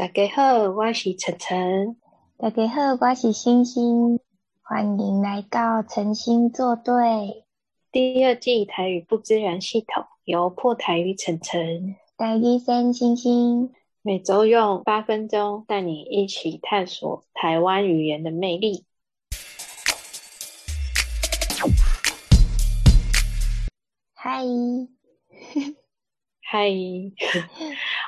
大家好，我是晨晨。大家好，我是星星。歡迎來到岑芯作對第二季台語不自然系統，由破台語晨晨帶一三星星，每周用八分鐘帶你一起探索台灣語言的魅力。嗨，嗨。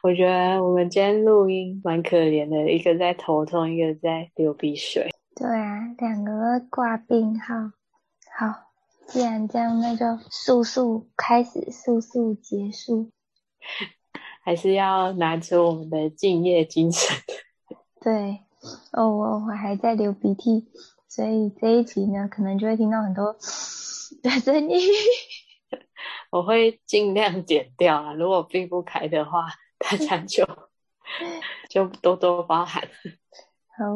我覺得我們今天錄音蠻可憐的，一個在頭痛，一個在流鼻水。對啊，兩個掛病號。好，既然這樣，那就速速開始，速速結束。還是要拿出我們的敬業精神。 對，哦，我我還在流鼻涕，所以這一集呢，可能就會聽到很多的聲音。 我會盡量剪掉啊，如果避不開的話。大家就就多多包涵。 好，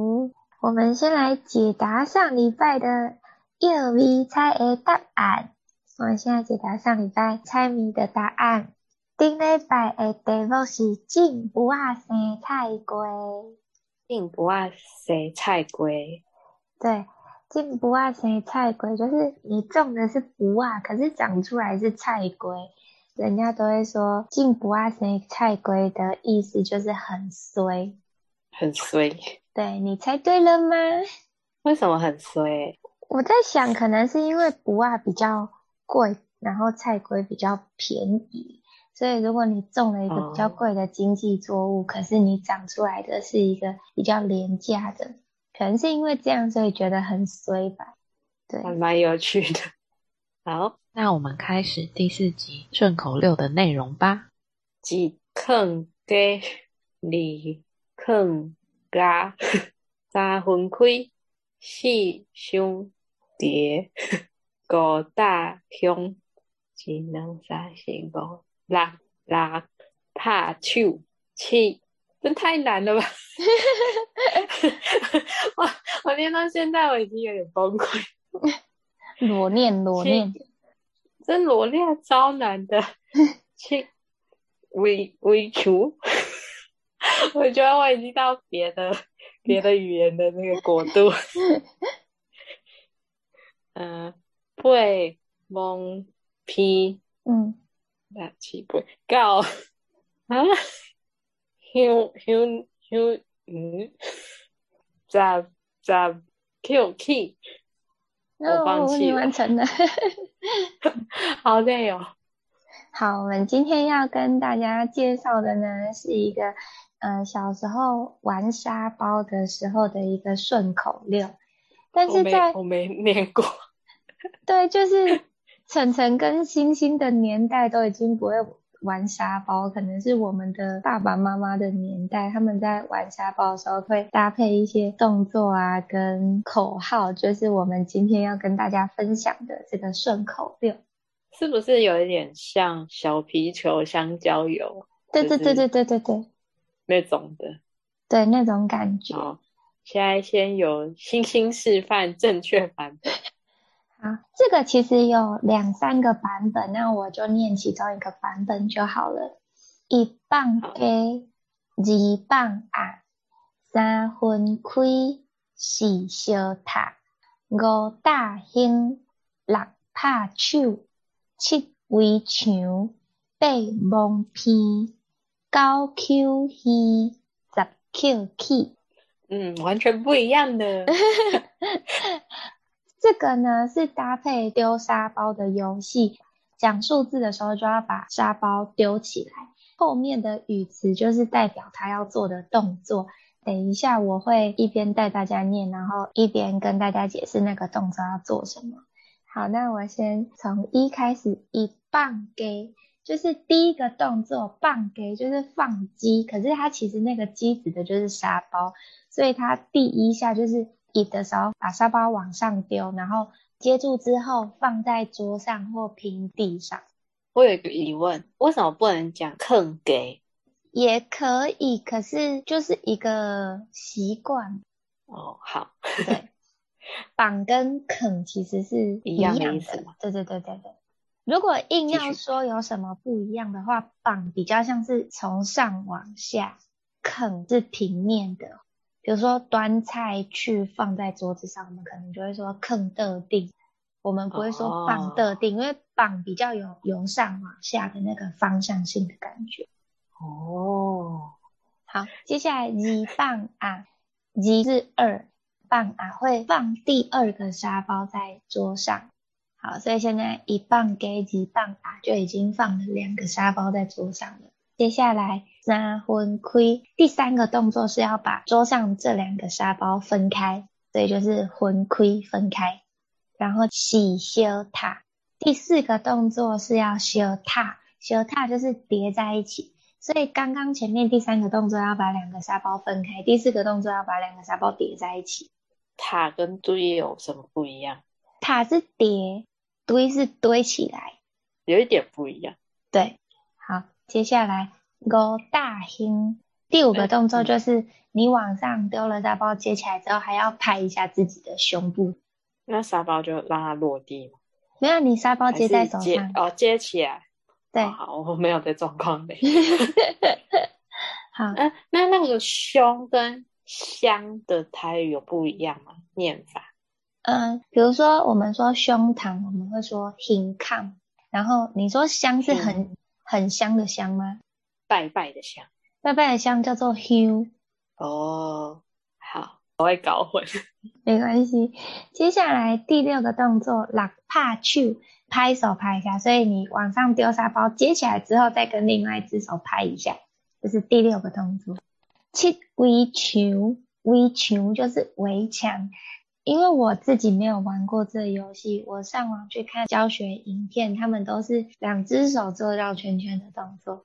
我們先來解答上禮拜的葉 v 猜的答案。我們先來解答上禮拜猜謎的答案。頂禮拜的題目是：種匏仔生菜瓜，種匏仔生菜瓜。對，種匏仔生菜瓜，就是你種的是匏仔，可是長出來是菜瓜。人家都會說“種匏仔生菜瓜”的意思就是很衰，很衰。對，你猜對了嗎？為什麼很衰？我在想，可能是因為匏仔比較貴，然後菜瓜比較便宜，所以如果你種了一個比較貴的經濟作物，嗯、可是你長出來的是一個比較廉價的，可能是因為這樣，所以覺得很衰吧？對，還蠻有趣的。好，那我們開始第四集順口溜的內容吧。一放雞，二放鴨，三分開，四兄弟，五大兄，只能三兄弟，拉拉怕臭氣，七，真太難了吧！ 我我練到現在，我已經有點崩潰。 裸唸裸唸，唸這裸唸超難的， 去維維除， 我覺得我已經到別的別的語言的那個國度。 嗯，對、呃，蒙皮，嗯，六七八九，啊，休休休，嗯，咋咋，QK。我放棄了，哦、完成了 好累哦。好，我們今天要跟大家介紹的呢，是一個嗯、呃，小時候玩沙包的時候的一個順口溜，但是在我沒,我沒念過，對，就是岑岑跟芯芯的年代都已經不會。玩沙包可能是我們的爸爸媽媽的年代，他們在玩沙包的時候會搭配一些動作啊，跟口號，就是我們今天要跟大家分享的這個順口溜，是不是有一點像小皮球香蕉油？對對對對對對對，那種的，對那種感覺。好，現在先有星星示範正確版本。 啊，這個其實有兩三個版本，那我就念其中一個版本就好了。一棒黑，二棒啊，三分開，四小塔，五大星，六拍手，七圍牆，八蒙皮，九 QK，十 QK。嗯，完全不一樣的。 這個呢是搭配丟沙包的遊戲，講數字的時候就要把沙包丟起來。後面的語詞就是代表他要做的動作。等一下我會一邊帶大家念，然後一邊跟大家解釋那個動作要做什麼。好，那我先從一開始，一棒給，就是第一個動作，棒給就是放雞，可是它其實那個雞指的就是沙包，所以它第一下就是。椅子的時候把沙包往上丟，然後接住之後放在桌上或平地上。我有一個疑問，為什麼不能講“啃給”？也可以，可是就是一個習慣。哦，好，對， 綁跟啃其實是一樣的一樣意思。對對對對對。如果硬要說有什麼不一樣的話，續綁比較像是從上往下，啃是平面的。比如說端菜去放在桌子上，我們可能就會說“扛特定”，我們不會說“綁的定”，因為“綁”比較有由上往下的那個方向性的感覺。哦，好，接下來一棒啊，一至二棒啊，二二棒啊會放第二個沙包在桌上。好，所以現在一棒給二棒啊，就已經放了兩個沙包在桌上了。接下來。扎魂盔，第三個動作是要把桌上這兩個沙包分開，所以就是魂盔分開。然後洗修塔，第四個動作是要修塔，修塔就是疊在一起。所以剛剛前面第三個動作要把兩個沙包分開，第四個動作要把兩個沙包疊在一起。塔跟堆有什麼不一樣？塔是疊，堆是堆起來，有一點不一樣。對，好，接下來。勾大胸，第五個動作就是你往上丟了沙包，接起來之後還要拍一下自己的胸部。那沙包就讓它落地嗎？沒有，你沙包接在手上哦，接起來。對、哦，好，我沒有這狀況嘞 好、嗯，那那個胸跟香的台語有不一樣嗎？念法？嗯，比如說我們說胸膛，我們會說胸膛，然後你說香是很、嗯、很香的香嗎？拜拜的香，拜拜的香叫做 Hugh。哦，oh, 好，我會搞混，沒關係。接下來第六個動作，落怕去，拍手拍一下。所以你往上丟沙包，接起來之後再跟另外一只手拍一下，這、就是第六個動作。七圍牆，圍牆就是圍牆。因為我自己沒有玩過這遊戲，我上網去看教學影片，他們都是兩只手做繞圈圈的動作。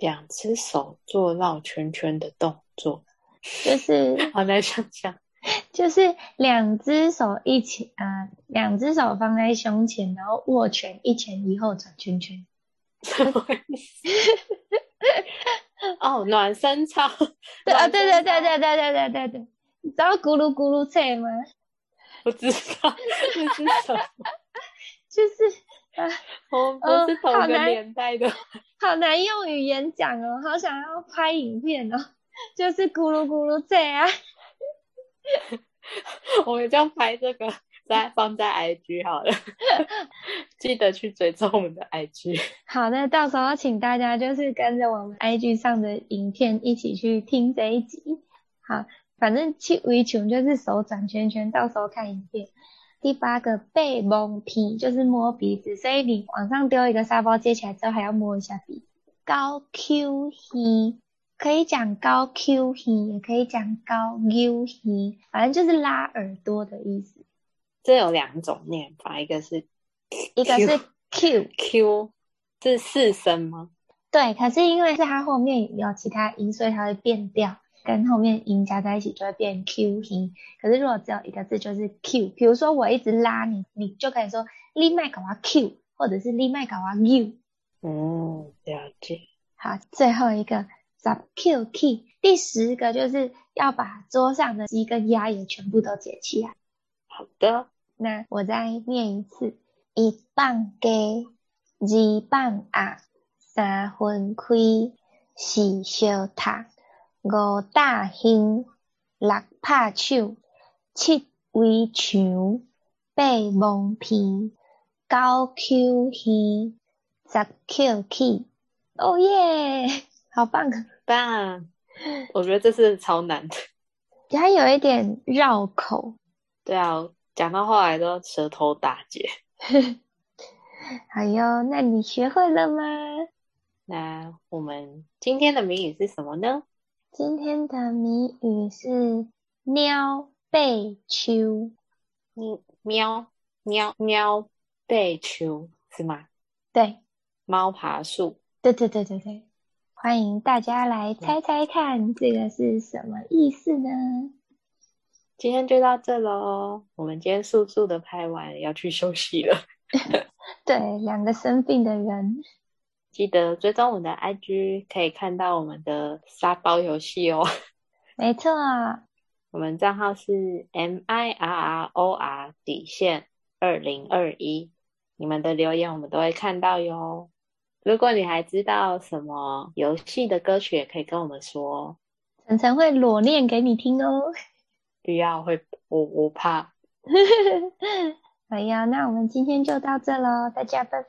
兩隻手做繞圈圈的動作，就是我來 想想，就是兩隻手一起，啊、呃，兩隻手放在胸前，然後握拳一前一後轉圈圈。哦， oh, 暖身操，對、啊，對啊，對對對對對對對對對，你知道咕嚕咕嚕菜嗎？不知道， 就是。哎，啊、我我是同一個年代的，哦好，好難用語言講哦，好想要拍影片哦，就是咕嚕咕嚕這樣，啊。我們就拍這個，再放在 IG 好了， 記得去追蹤我們的 IG。好，那到時候請大家就是跟着我們 IG 上的影片一起去聽這一集。好，反正七五一群就是手轉圈圈，到時候看影片。第八個背蒙皮就是摸鼻子，所以你往上丟一個沙包接起來之後還要摸一下鼻子。高 Q H 可以講高 Q H，也可以講高 Q H，反正就是拉耳朵的意思。這有兩種唸法，一個是，一個是 Q Q，這是四聲嗎？對，可是因為是它後面有其他音，所以它會變調。跟後面音加在一起就會變 Q 音，可是如果只有一個字就是 Q，比如說我一直拉你，你就可以說立麥克瓦 Q，或者是立麥克瓦 U。嗯，了解。好，最後一個 Sub Q k，第十個就是要把桌上的雞跟鴨也全部都解起來。好的，那我再念一次：一棒給，二棒啊，三分虧，四小塔。五大胸，六拍手，七微唱，八蒙皮，九 Q H，十 Q K，哦耶，oh, yeah! 好棒！棒、啊，我覺得這是超難的，它 有一點繞口。對啊，講到後來都舌頭打結。哎 呦，那你學會了嗎？那我們今天的謎語是什麼呢？今天的謎語是喵球喵、“喵背丘”，咪喵喵、喵背丘是嗎？對，貓爬樹。對對對對對，歡迎大家來猜猜看，嗯，這個是什麼意思呢？今天就到這嘍，我們今天速速的拍完要去休息了。 對，兩個生病的人。記得追蹤我們的 IG，可以看到我們的沙包遊戲哦。沒錯啊，我們賬號是 M I R R O R 底線二零二一。你們的留言我們都會看到喲。如果你還知道什麼遊戲的歌曲，也可以跟我們說，岑岑會裸唸給你聽哦。不要會，我我怕。 哎呀，那我們今天就到這嘍，大家拜拜。